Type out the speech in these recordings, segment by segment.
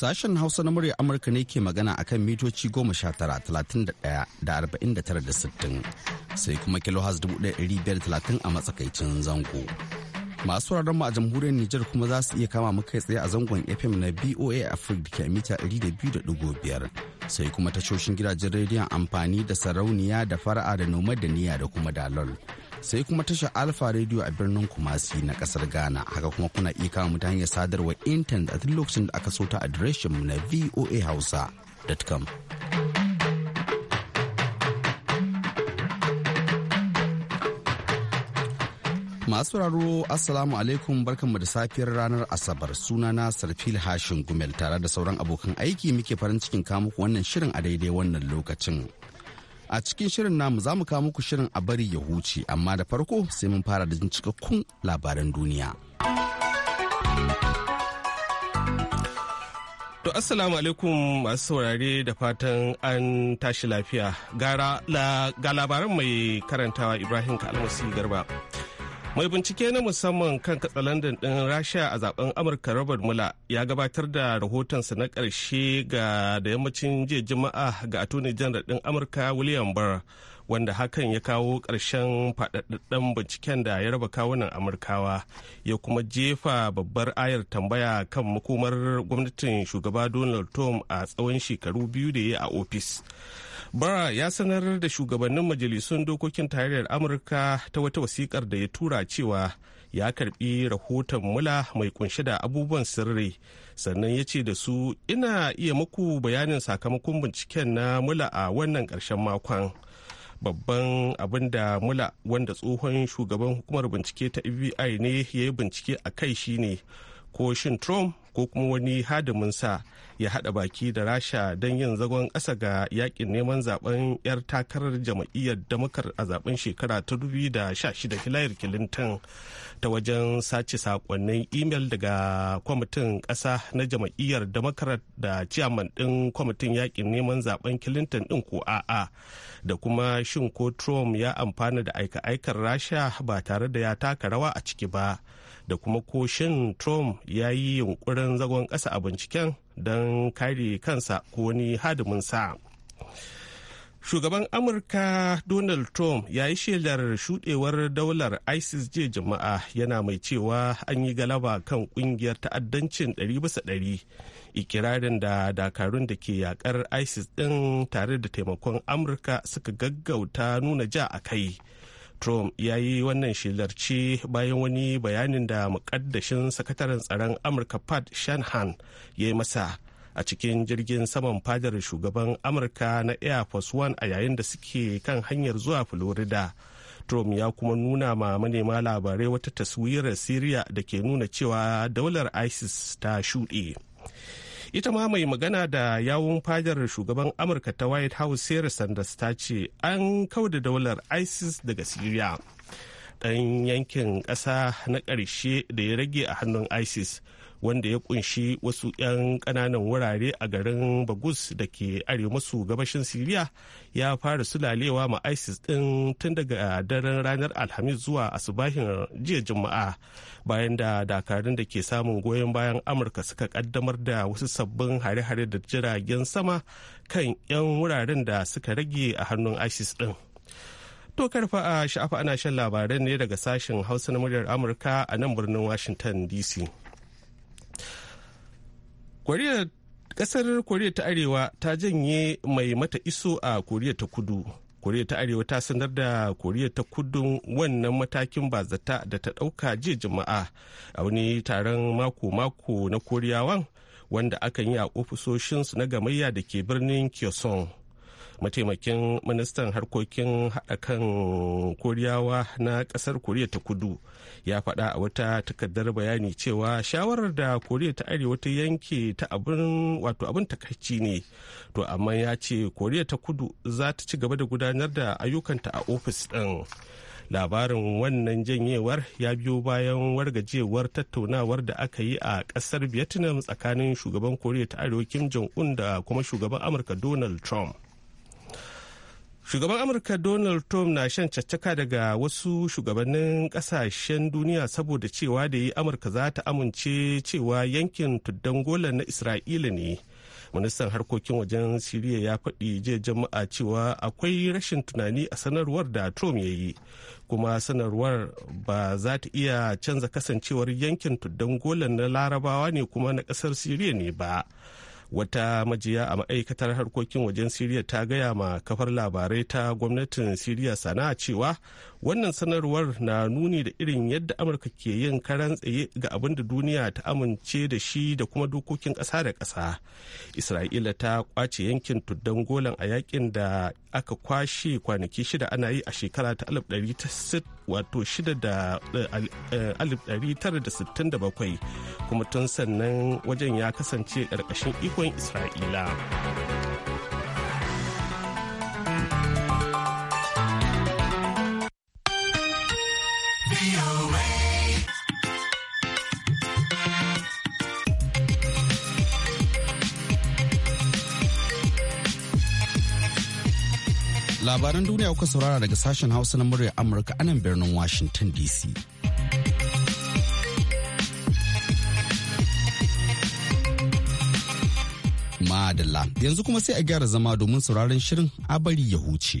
Sashen Hausa na murya Amurka ne ke magana a kan mitoci sittin sai kuma kilohaz 1,530 a matsakaicin zango. Masu wuraren mu a jamhuriyar Nijar kuma za su iya kama mu kai tsaye a zangon FM na BOA Africa da ke mita biyar sai kuma tashoshin gidajen rediyon amfani da sarauniya da fara'a da noma da niya da kuma dalol. sai kuma tashar alfa radio a birnin kumasi na kasar ghana haka kuma kuna iya mu mutane hanyar sadarwar intanet a duk lokacin da aka so ta adireshin mu na voa hausa.com masu raro assalamu alaikum barkanmu da safiyar ranar asabar sunana sarfil hashin gumel tare da sauran abokan aiki muke farin cikin kamuku wannan shirin a daidai wannan lokacin a cikin shirin namu za mu kawo muku shirin a bari ya huce amma da farko sai mun fara da cikakkun labaran duniya To assalamu alaikum masu saurare da fatan an tashi lafiya gara la, ga labaran mai karantawa Ibrahim Kalmasi Garba. mai bincike na musamman kan katsalandan ɗin rasha a zaben amurka robert mula ya gabatar da rahotonsa na ƙarshe ga da yammacin jiya juma'a ga atoni janar ɗin amurka william barr wanda hakan ya kawo ƙarshen faɗaɗɗen binciken da ya raba kawunan amurkawa ya kuma jefa babbar ayar tambaya kan makomar gwamnatin shugaba donald trump a tsawon shekaru biyu da ya a ofis bara ya sanar da shugabannin majalisun dokokin tarayyar amurka ta wata wasikar da ya tura cewa ya karbi rahoton mula mai kunshe da abubuwan sirri sannan ya ce da su ina iya muku bayanin sakamakon binciken na mula a wannan karshen makon babban abin da mula wanda tsohon shugaban hukumar bincike ta fbi ne ya yi bincike a kai shine ne ko shin trump ko kuma wani sa ya haɗa baki da rasha don yin zagon ƙasa ga yakin neman zaben 'yar takarar jam'iyyar damakar a zaben shekara ta 2016 hillary clinton ta wajen sace sakonnin imel daga kwamitin ƙasa na jam'iyyar damakar da ciyaman din kwamitin yakin neman zaben clinton din ko a'a da kuma shin ko trump ya amfana da aika-aikar rasha ba tare da ya taka rawa a ciki ba. da kuma ko shin trump ya yi yunkurin zagon ƙasa a binciken don kare kansa ko wani sa shugaban amurka donald trump ya yi shelar shudewar daular isis je jama'a yana mai cewa an yi galaba kan kungiyar ta'addancin 100 ikirarin da dakarun da ke yakar isis din tare da taimakon amurka suka gaggauta nuna ja a kai Trump ya yi wannan shelarci bayan wani bayanin da mukaddashin sakataren tsaron Amurka Pat Shanahan ya yi masa a cikin jirgin saman fadar shugaban Amurka na Air Force One a yayin da suke kan hanyar zuwa Florida. Trump ya kuma nuna ma manema labarai wata taswirar syria da ke nuna cewa daular ISIS ta shuɗe. ita ma mai magana da yawun fadar shugaban amurka ta white house sarah sanders ta ce an kauda daular isis daga syria dan yankin kasa na karshe da ya rage a hannun isis wanda ya kunshi wasu 'yan kananan wurare a garin bagus da ke arewa masu gabashin siriya ya fara sulalewa ma isis din tun daga daren ranar alhamis zuwa asubahin jiya juma'a bayan da dakarun da ke samun goyon bayan amurka suka kaddamar da wasu sabbin hare-hare da jiragen sama kan 'yan wuraren da suka rage a hannun isis din To karfa a sha'afa ana shan labaran ne daga sashen Hausa na muryar Amurka a nan birnin Washington DC. koriya kasar koriya ta arewa ta janye mai mata iso a koriya ta kudu koriya ta arewa ta sanar da koriya ta kudu wannan matakin ba zata da ta dauka jiya juma'a a wani taron mako-mako na koriyawan wanda aka yi a ofisoshinsu na gamayya da ke birnin kyosong mataimakin ministan harkokin haɗa kan koriyawa na ƙasar koriya ta kudu ya faɗa a wata takardar bayani cewa shawarar da koriya ta arewa ta yanke ta abin wato abin takaici ne to amma ya ce koriya ta kudu za ta ci gaba da gudanar da ayyukanta a ofis ɗin labarin wannan janyewar ya biyo bayan wargajewar tattaunawar da aka yi a ƙasar vietnam tsakanin shugaban koriya ta arewa kim jong-un da kuma shugaban amurka donald trump shugaban amurka donald trump na shan caccaka daga wasu shugabannin kasashen duniya saboda cewa da yi amurka za ta amince cewa yankin tuddan gola na isra'ila ne ministan harkokin wajen siriya ya faɗi jiya jama'a cewa akwai rashin tunani a sanarwar da trump ya yi kuma sanarwar ba za ta iya canza kasancewar yankin tuddan gola na larabawa ne kuma na ƙasar siriya ne ba wata majiya a ma'aikatar harkokin wajen siriya ta gaya ma kafar labarai ta gwamnatin siriya sana'a cewa wannan sanarwar na nuni da irin yadda amurka ke yin karan tsaye ga abin da duniya ta amince da shi da kuma dokokin ƙasa da ƙasa isra'ila ta kwace yankin tuddan golan a yakin da aka kwashe kwanaki shida ana yi a shekara ta 1967 eh, eh, kuma tun sannan wajen ya kasance ƙarƙashin ikon isra'ila labaran duniya kuka saurara daga sashen hausa na murya amurka anan birnin washington dc madalla yanzu kuma sai a gyara zama domin sauraron shirin abari ya huce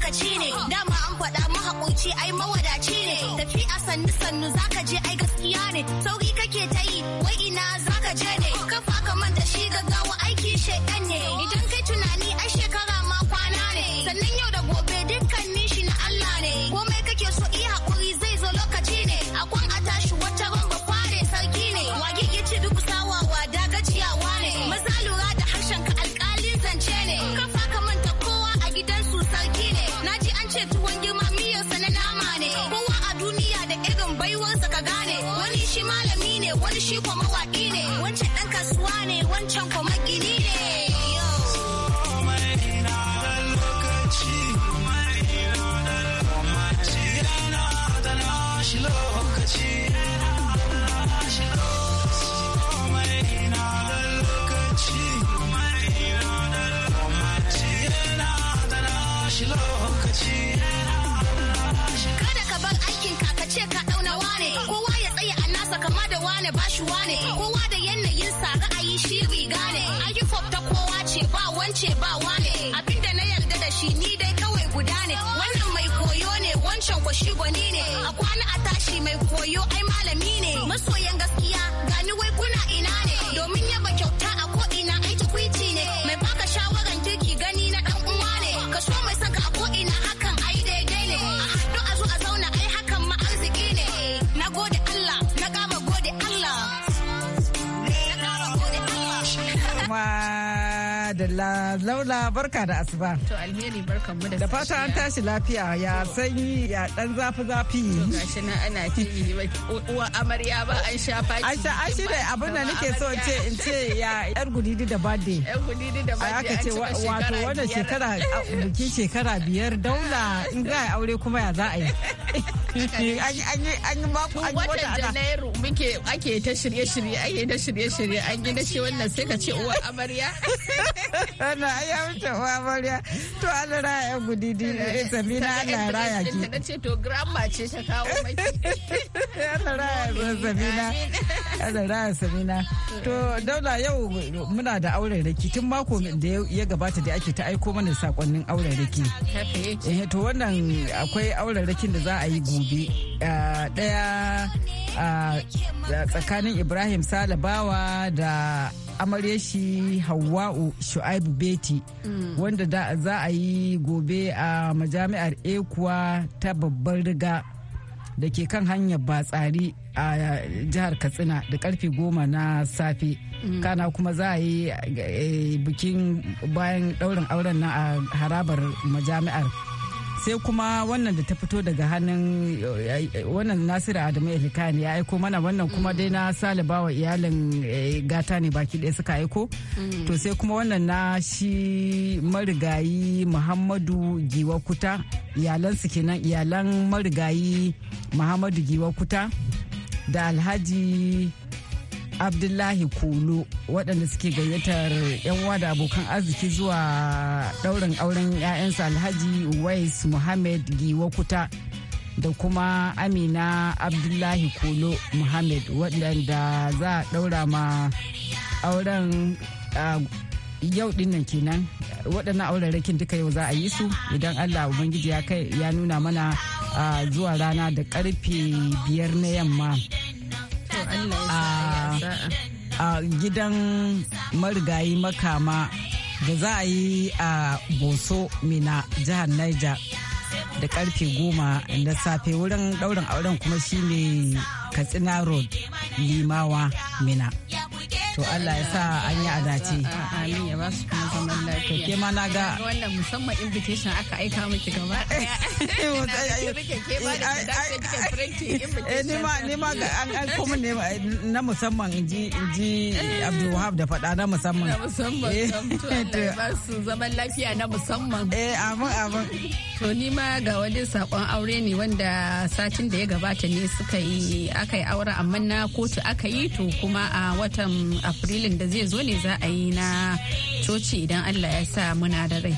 lokaci ne dama an faɗa mahaƙoci ai mawadaci ne tafi a sannu sannu zaka je ai gaskiya ne sauki kake ta yi wai ina zaka je ne kafa ka manta shi gaggawa aiki shaidan ne idan kai tunani ai shekara ma kwana ne sannan yau da gobe dukkan shi na Allah ne komai kake so iya ba shi wane kowa da yanayin sa ra'ayi shi riga ne ayyukan ta kowa ce ba wance ba wane abinda na yarda da shi ni dai kawai guda ne wannan mai koyo ne wancan kwashi gwani ne a kwana a tashi mai koyo ai malami ne masoyan gaskiya Laila Laula barka da asuba. To alheri barkan mu da Da fata an tashi lafiya ya sanyi ya dan zafi zafi. To gashi na ana ci uwa amarya ba an sha faki. An sha an shi da abin da nake so ce in ce ya yar gudidi da birthday. Yar gudidi da birthday. Aka ce wato wannan shekara biki shekara biyar daula in ga aure kuma ya za a yi. an yi mako an yi wata janairu ake ta shirye-shirye ake ta shirye-shirye an yi da shi wannan sai ka ce uwa amarya ana ya wuce uwa amarya to an raya yan gudidi eh, eh sabina ana raya ki ta ce to grandma ce ta kawo maki ana raya sabina ana raya to daula yau muna da auren raki tun mako da ya gabata da ake ta aiko mana sakonnin auren raki eh, to wannan akwai auren rakin da za a yi gobe gobe eh, daya eh, tsakanin ibrahim salabawa da amarya shi hawa'u shu'aibu beti mm. wanda za a yi gobe a majami'ar ekuwa ta babbar riga da ke kan hanyar batsari a jihar katsina da karfe goma na safe mm. kana kuma za a yi eh, bikin bayan daurin auren na a harabar majami'ar sai kuma wannan da ta fito daga hannun eh, eh, wannan nasiru adamu elikani ya aiko mana wannan kuma dai na saliba wa iyalin eh, gata ne baki ɗaya suka aiko mm. to sai kuma wannan na shi marigayi muhammadu giwa kuta iyalansu kenan iyalan marigayi muhammadu giwa kuta da alhaji abdullahi kulu waɗanda suke gayyatar 'yan uwa da abokan arziki zuwa ɗaurin auren 'ya'yansa alhaji Wais muhammad giwakuta da kuma amina abdullahi Kulu muhammad waɗanda za a ɗaura ma auren yau dinnan kenan waɗannan aurarrakin duka yau za a yi su idan allah ubangiji ya ya nuna mana zuwa rana da karfe biyar na yamma Ah, a gidan marigayi makama da za a yi a boso mina jihar niger da karfe goma na safe wurin daurin auren kuma shine katsina road limawa mina to Allah ya sa an yi adace amin ya ba su kuma zaman lafiya to ke ma na ga wannan musamman invitation aka aika miki gaba eh, ni ma ga an an kuma ne eh, na musamman inji inji Abdulwahab da faɗa na musamman na musamman eh, to Allah ba su zaman lafiya na musamman eh amin amin to ni ma ga wani sakon aure ne wanda satin da ya gabata ne suka yi aka yi aure amma na kotu aka yi to kuma a watan aprilin da zai zo ne za a yi na coci idan Allah ya sa muna da rai.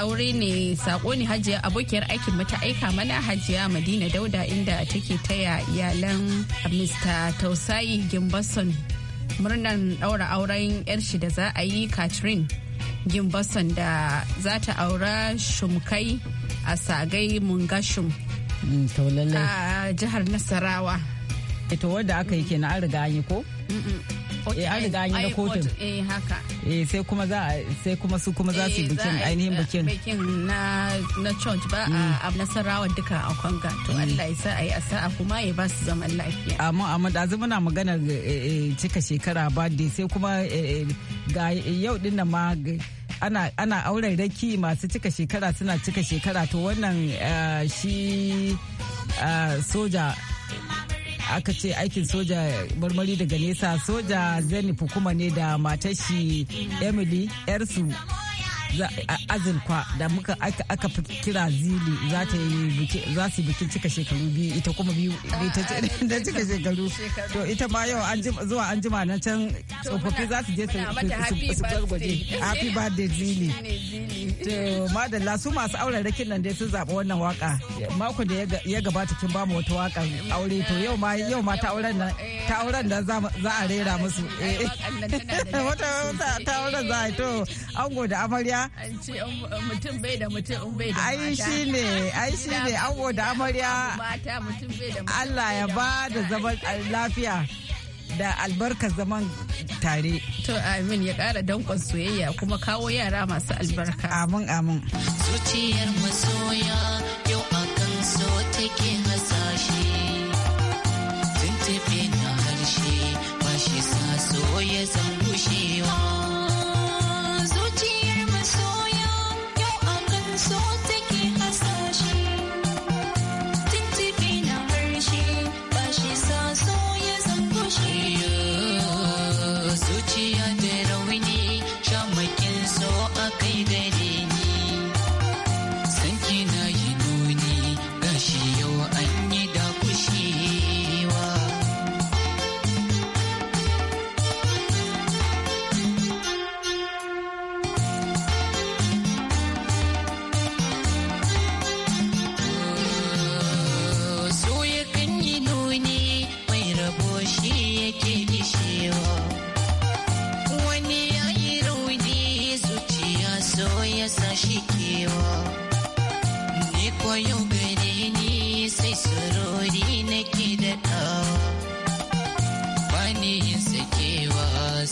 Aure ne sako ne hajiya abokiyar aikin mu ta aika mana hajiya Madina Dauda inda take taya iyalan Mr. Tausayi Gimbason murnan ɗaura auren 'yar shi da za a yi Catherine Gimbason da za ta aura Shumkai a Sagai Mungashum. Mm, a jihar Nasarawa. ita wadda aka yi kenan an riga an yi ko? Eh, an riga an yi na kotun eh, eh sai kuma za sai kuma su kuma za su eh, bikin ainihin bikin na na church ba a mm. nasarawa duka a kwanga to mm. Allah ya sa a sa'a kuma ya ba su zaman lafiya amma amma da na magana cika shekara ba sai kuma ga yau din nan ma ana ana auren raki masu cika shekara suna cika shekara to wannan shi soja aka ce aikin soja marmari daga nesa soja zenith kuma ne da matashi emily yarsu azurfa da muka aka fi kira zili za ta yi za su bikin cika shekaru biyu ita kuma biyu da cika shekaru to ita ma yau zuwa an jima na can tsofaffi za su je su gargwaje happy birthday zili to madalla su masu auren rakin nan dai sun zaɓi wannan waka mako da ya gabata kin bamu wata waka aure to yau ma yau ma ta auren nan ta auren nan za a rera musu eh. wata ta auren za a to ango da amarya amarya mutum bai da mutum da amarya Allah ya ba da zaman lafiya da albarkar zaman tare to amin ya kara dankon soyayya kuma kawo yara masu albarka amin amin zuciyar masoya yau akan so take hasa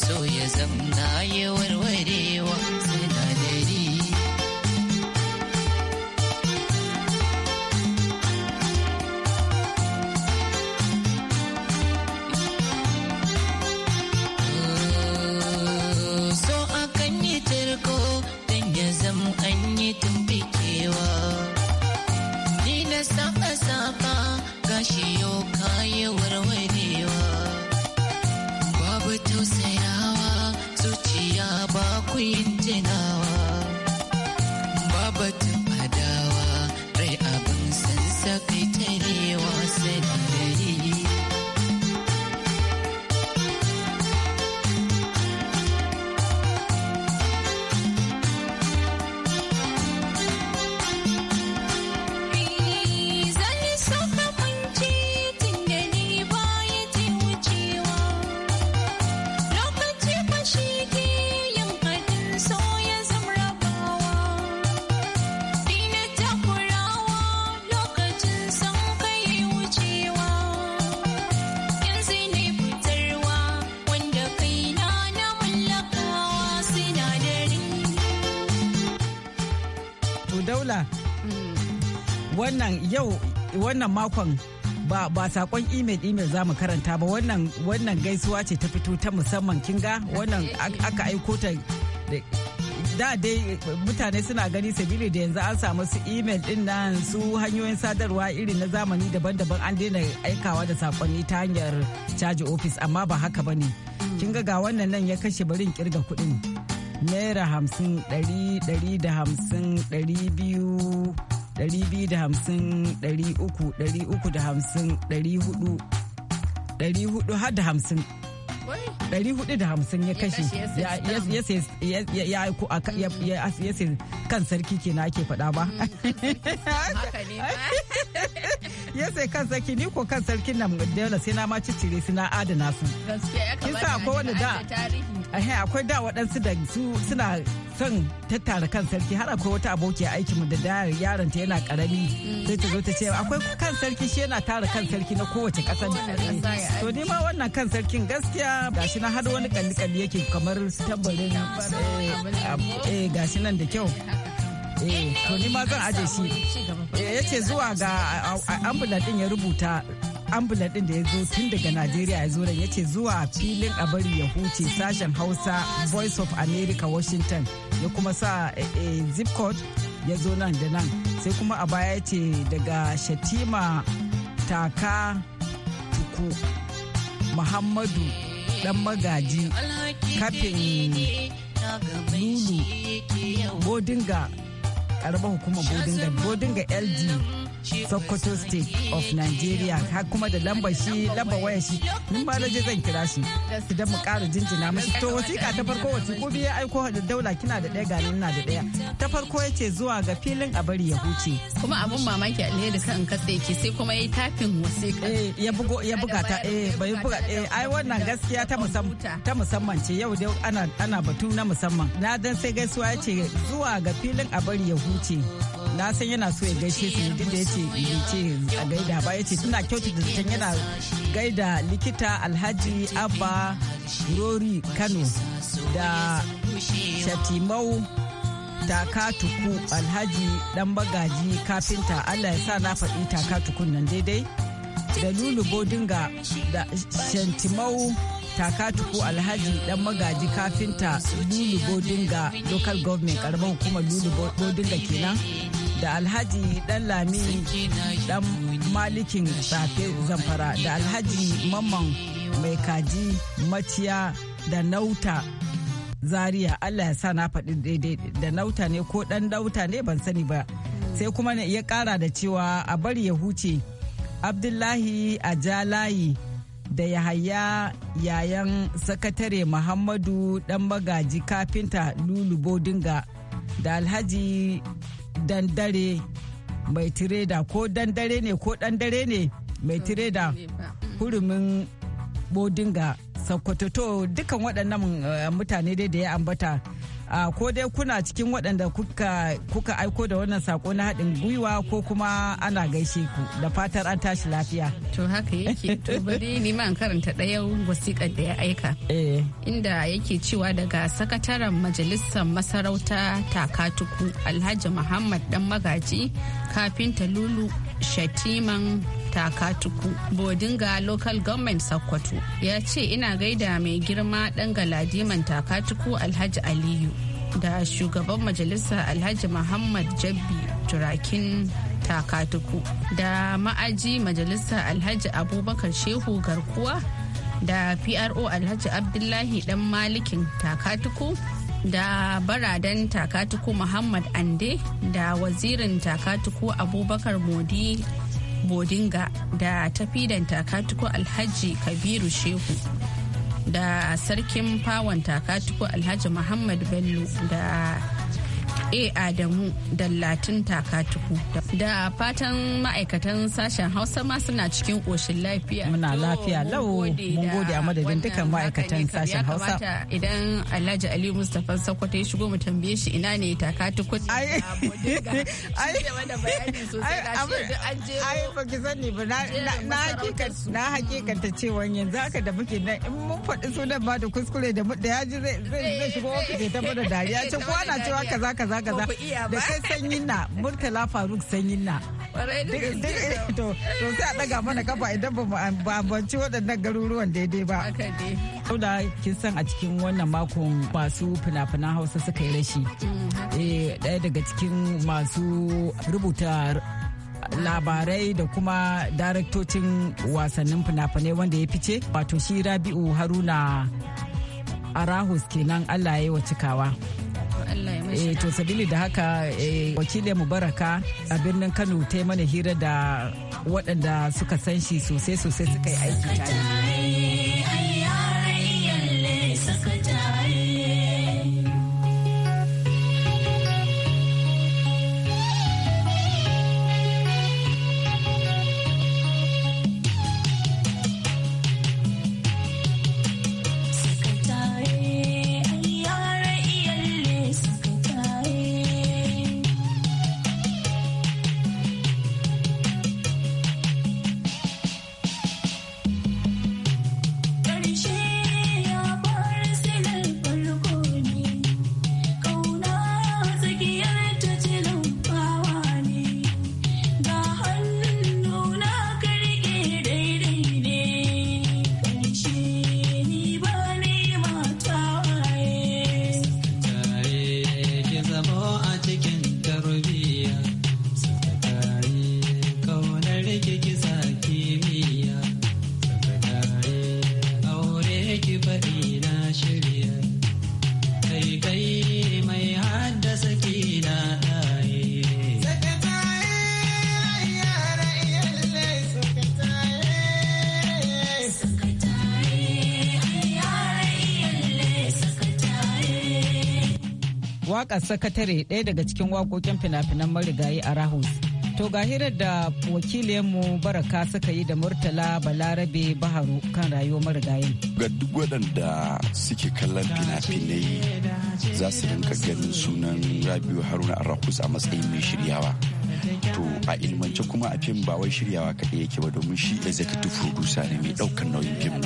so ya zamna ya warwarewa sinadari so akan yi tarko don ya zam an yi tumbikewa ni na saba saba gashi yau kayi warware wannan yau wannan makon ba ba sakon email email za mu karanta ba wannan wannan gaisuwa ce ta fito ta musamman kinga wannan aka aiko ta da dai mutane suna gani sabili da yanzu an samu su email din nan su hanyoyin sadarwa irin na zamani daban-daban an daina aikawa da sakonni ta hanyar caji ofis amma ba haka ba ne kin ga wannan nan ya kashe barin kirga kudin naira hamsin ɗari ɗari da hamsin ɗari biyu 250 300 350 400 ya kashe ya sai kan sarki kena ake faɗa ba. Mm. Haka ne ba. ya sai kan sarki ni ko kan sarkin nan dole sai na ma cicire su na adana su sa akwai wani da akwai da waɗansu da su suna son tattara kan sarki har akwai wata abokiya mu da dayar yaron ta yana karami mm. sai ta zo ta ce akwai kan sarki shi yana tara kan sarki na kowace ƙasar to ni ma wannan kan sarkin gaskiya gashi na har wani kalli kalli yake kamar tambarin eh gashi nan da kyau eh to ni ma zan aje shi ya ce zuwa ga ambulan din ya rubuta ambulan din da ya zo tun daga najeriya ya zo da ya zuwa filin a bari ya huce sashen hausa voice of america washington ya kuma sa e, e, zip code ya zo nan da nan sai kuma a baya yace daga shatima taka tuku muhammadu dan magaji kafin lulu bodinga karamar hukumar bodinga bodinga ld sokoto state of nigeria har kuma da lambar shi lambar waya shi mun ba da zan kira shi idan mu ƙara jinjina mashi to wasiƙa ta farko wasiƙo biyu ya aiko da daula kina da ɗaya ganin na da ɗaya ta farko ya ce zuwa ga filin a bari ya huce kuma abun mamaki alheri kan kasa ke sai kuma ya yi tafin wasiƙa eh, ya bugo ya buga ta eh bai buga eh ai wannan gaskiya ta musamman ta musamman ce yau dai ana ana batu na musamman na dan sai gaisuwa ya ce zuwa ga filin a bari ya huce na san yana so ya gaishe su duk da yace ya ce a gaida ba yace kyautu da zaton yana gaida likita Alhaji Abba Rori Kano da Shatimau takatuku alhaji dan bagaji kafinta allah ya sa na faɗi takatukun nan daidai da lulu bodinga da shantimau takatuku alhaji dan magaji kafinta lulu bodinga local government karamar hukumar lulu bodinga kenan da alhaji dan lami dan malikin safe zamfara da alhaji mamman mai kaji maciya da nauta zaria allah ya sa na faɗi daidai da nauta ne ko dan nauta ne ban sani ba sai kuma ya ƙara da cewa a bari ya huce abdullahi a jalayi da yahaya yayan sakatare muhammadu dan magaji kafinta lulubo dinga da alhaji dandare mai tireda ko dandare ne ko dandare ne mai tireda mm. hurumin bodinga ga to dukan waɗannan eh, mutane dai da ya ambata a ah, ko dai kuna cikin waɗanda kuka, aiko da wannan sako na haɗin gwiwa ko kuma ana gaishe ku da fatar an tashi lafiya. To haka yake to bari ni ma karanta ɗaya wasiƙar da ya aika. Eh. Inda yake cewa daga sakataren majalisar masarauta Takatuku Alhaji Muhammad Dan Magaji ta Lulu Shatiman takatuku bodinga local government sokoto ya ce ina gaida mai girma dan galadiman takatuku alhaji aliyu da shugaban majalisa alhaji muhammad jabbi turakin takatuku da ma'aji majalisa alhaji abubakar shehu garkuwa da pro alhaji abdullahi dan malikin takatuku da baradan takatuku muhammad ande da wazirin takatuku abubakar modi bodinga da tafidan takatuko alhaji kabiru shehu da sarkin fawon takatuko alhaji muhammad bello da A Adamu Dallatin Takatuku. Da fatan ma'aikatan sashen Hausa ma suna cikin ƙoshin lafiya. Muna lafiya lau mun gode a madadin dukkan ma'aikatan sashen Hausa. Idan Alhaji Ali Mustapha Sokoto ya shigo mu tambaye shi ina ne Takatuku. Ai ai ba ki sani ba na hakikanta cewa yanzu haka da muke nan in mun faɗi sunan ma da kuskure da yaji zai shigo ofis ya tabbata dariya ce ko ana cewa kaza kaza da kai sanyin na murtala faruk sanyin na to sai a daga mana kafa idan ba mu ambanci waɗannan garuruwan daidai ba da kin san a cikin wannan makon masu fina-finan hausa suka yi rashi mm, eh, ɗaya daga cikin masu rubuta labarai da kuma daraktocin wasannin fina-finai wanda ya fice wato shi rabi'u haruna arahus kenan allah ya yi wa cikawa Eh, to sabili da haka eh, wakilin mubaraka a birnin Kano ta yi mana hira da waɗanda suka san shi sosai sosai suka yi aiki tare wakar sakatare ɗaya daga cikin waƙoƙin fina-finan marigayi a rahus to ga hirar da wakilinmu baraka suka yi da murtala balarabe baharu kan rayuwar marigayin ga duk waɗanda suke kallon fina-finai za su rinka ganin sunan rabiu haruna rahus a matsayin mai shiryawa to a ilmance kuma a fim ba wai shiryawa kaɗai yake ba domin shi executive producer ne mai ɗaukar nauyin fim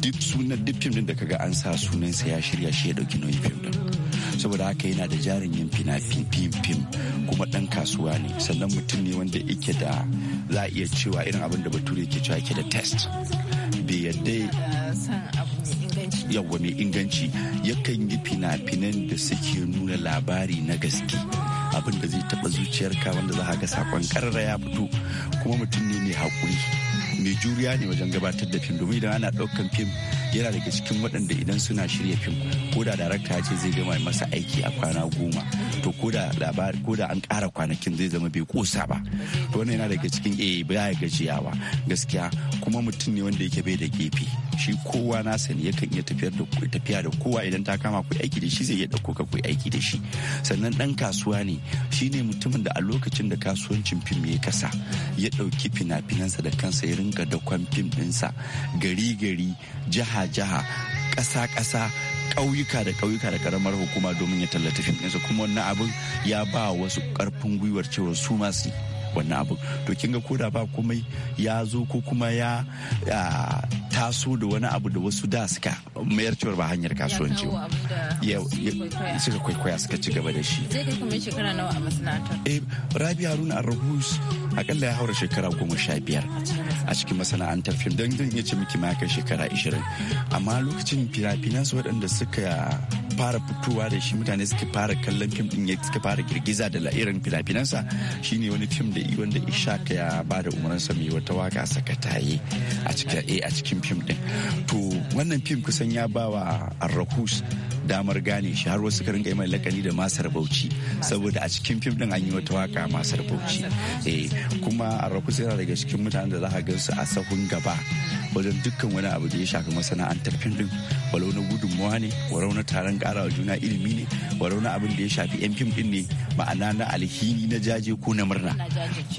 duk sunan duk fim din da kaga an sa sunansa ya shirya shi ya ɗauki nauyin fim din saboda haka yana da jarin yin fina fim kuma dan kasuwa ne sannan mutum ne wanda yake da za a iya cewa irin abin da bature yake cewa yake da test bai yadda yawwa mai inganci yakan yi fina-finan da suke nuna labari na gaske abin da zai taba zuciyarka wanda za a ga sakon karara ya fito kuma mutum ne mai haƙuri mai juriya ne wajen gabatar da fim domin idan ana ɗaukan fim yana daga cikin waɗanda idan suna shirya fim ko da darakta ya ce zai gama masa aiki a kwana goma to ko da labari ko da an ƙara kwanakin zai zama bai kosa ba to wannan yana daga cikin eh baya gajiyawa gaskiya kuma mutum ne wanda yake bai da gefe shi kowa na sani yakan iya tafiyar da tafiya da kowa idan ta kama ku aiki da shi zai iya dauko ka ku aiki da shi sannan dan kasuwa ne shine mutumin da a lokacin da kasuwancin fim ya kasa ya dauki fina-finansa da kansa ya rinka dakon fim dinsa gari gari jiha jiha ƙasa-ƙasa ƙauyuka da ƙauyuka da ƙaramar hukuma domin ya tallata fim ɗinsa kuma wannan abin ya ba wasu ƙarfin gwiwar cewa su masu wannan abin to kin ga koda ba komai ya zo ko kuma ya taso da wani abu da wasu da suka mayar cewar ba hanyar kasuwanci suka kwaikwaya suka ci gaba da shi zai kai kuma shekara nawa a masana'antar eh rabi haruna arrahus akalla ya haura shekara goma sha biyar a cikin masana'antar fim don zan iya ce miki ma shekara ishirin amma lokacin fina-finansu waɗanda suka fara fitowa da shi mutane suka fara kallon fim din suka fara girgiza da la'irin fina-finansa shine wani fim da wanda ishaq ya ba da sa mai wata waka a cikin eh, a cikin fim din to wannan fim kusan ya ba wa arrahus damar gane shi har wasu karin mai lakani da masar bauchi saboda a cikin fim din an yi wata waka masar bauchi eh kuma arrahus yana daga cikin mutanen da za ka gansu a sahun gaba wajen dukkan wani abu da ya shafi masana'antar fim din walau na gudunmawa ne walau na taron karawa juna ilimi ne walau na abin da ya shafi yan fim din ne ma'ana na alhini na jaje ko na murna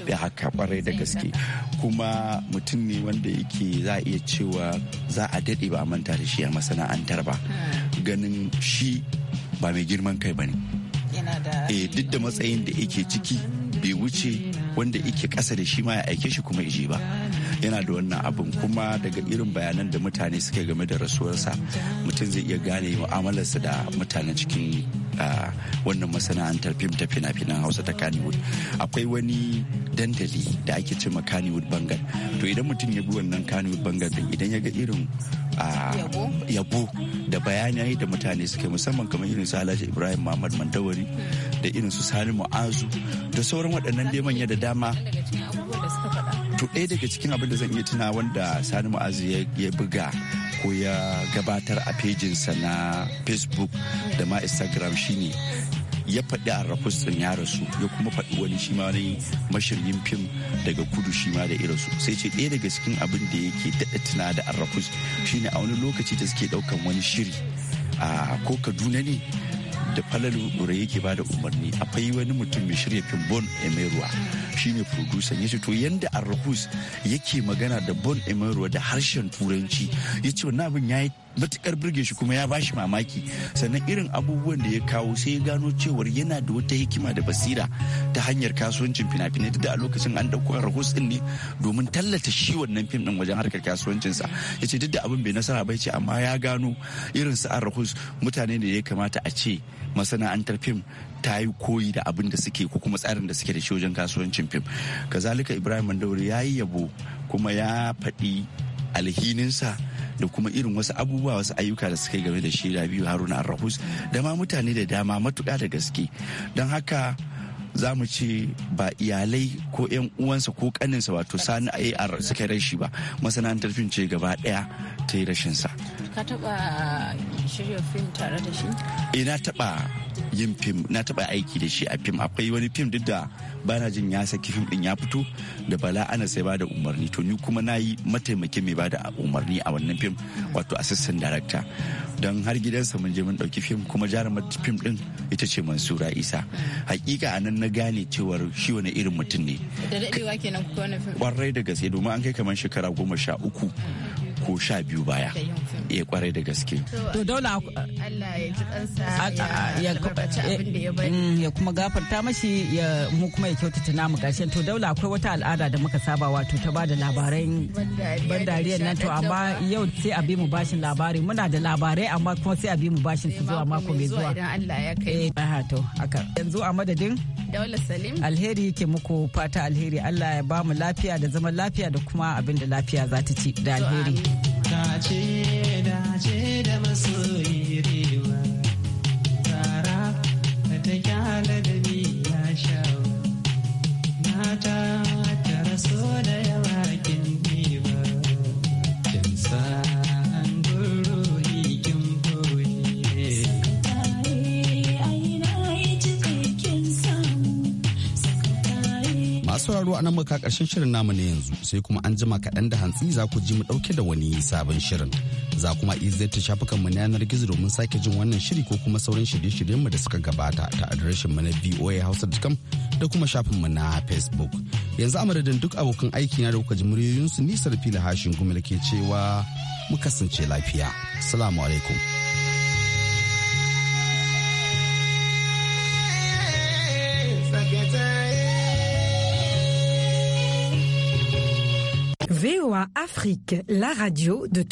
da haka kwarai da gaske kuma mutum ne wanda yake za a iya cewa za a daɗe ba a manta da shi a masana'antar ba hmm. ganin shi ba mai girman kai ba ne eh, duk da matsayin da yake ciki bai wuce wanda yake kasa da shi ma ya aike shi kuma ji ba yana da wannan abin kuma daga irin bayanan da mutane suke game da rasuwarsa mutum zai iya gane mu'amalarsa da mutane cikin wannan masana'antar fim ta fina-finan hausa ta kannywood akwai wani dandali da ake ce ma kannywood bangar to idan mutum ya bi wannan kannywood bangar idan ya ga irin yabo da bayanai da mutane suke musamman kamar irin su Alhaji Ibrahim Muhammad Mandawari da irin su Sani Mu'azu da sauran waɗannan dai manya da dama to ɗaya daga cikin abin da zan iya tuna wanda Sani Mu'azu ya buga ko ya gabatar a pejinsa na facebook da ma instagram shine ya faɗi a rafustan ya rasu ya kuma faɗi wani shi ma ne mashiryin fim daga kudu shi ma da irasu sai ce ɗaya daga cikin abin da yake daɗa tuna da arrafus shine a wani lokaci da suke ɗaukan wani shiri a ko kaduna ne da falalu ɗore yake bada umarni akwai wani mutum mai shirya bon emeruwa shi ne producer ya ce to yanda arhus yake magana da bon emeruwa da harshen turanci ya ce wani abin ya yi matukar birge shi kuma ya ba shi mamaki sannan irin abubuwan da ya kawo sai ya gano cewar yana da wata hikima da basira ta hanyar kasuwancin fina-finai da a lokacin an dauko rahos din ne domin tallata shi wannan fim din wajen harkar kasuwancinsa ya ce duk da abin bai nasara bai ce amma ya gano irin su an mutane da ya kamata a ce masana'antar fim ta yi koyi da abin da suke ko kuma tsarin da suke da shi wajen kasuwancin fim kazalika ibrahim mandauri ya yi yabo kuma ya faɗi alhininsa da kuma irin wasu abubuwa wasu ayyuka da suka yi game da shi da biyu haruna arrahus da ma mutane da dama matuƙa da gaske don haka za mu ce ba iyalai ko 'yan uwansa ko kaninsa wato sani ar suka rashi ba masana'antar fim ce gaba daya ta yi rashin ka taba shirya fim tare da shi Ina eh, na taba yin fim na taba aiki da shi a fim akwai wani fim duk da bana jin ya saki fim din ya fito da bala ana sai bada umarni to ni kuma na yi mataimakin mai bada umarni a wannan fim wato assistant director don har gidansa mun je mun dauki fim kuma jarumar fim din ita ce mansura isa hakika anan na gane cewar shi wani irin mutum ne da dadewa kenan kuka wannan fim kwarai da gaske domin an kai kamar shekara goma sha uku ko sha biyu baya ya eh, kwarai da gaske to daula Allah ya ji ya kuma gafarta mashi ya mu kuma ya kyautata namu gashi to daula akwai wata al'ada da muka saba wato ta bada labaran bandariyar nan to amma yau sai a bi mu bashin labari muna da labarai amma kuma sai a bi mu bashin su zuwa mako mai zuwa eh, yanzu a madadin Daula Salim. Alheri ke muku fata alheri Allah ya ba mu lafiya da zaman lafiya da kuma abin da lafiya za ta ci da alheri. dace dace sauraro a nan muka karshen shirin namu ne yanzu sai kuma an jima kaɗan da hantsi za ku ji mu ɗauke da wani sabon shirin. Za kuma izeta shafukan mu na yanar gizo domin sake jin wannan shiri ko kuma sauran shirye-shiryen mu da suka gabata ta adireshin mu na Hausa da da kuma shafin mu na Facebook. Yanzu a madadin duk abokan aiki na da kuka ji muryoyinsu nisar fila hashin gumil ke cewa mu kasance lafiya. Salamu alaikum. Afrique, la radio de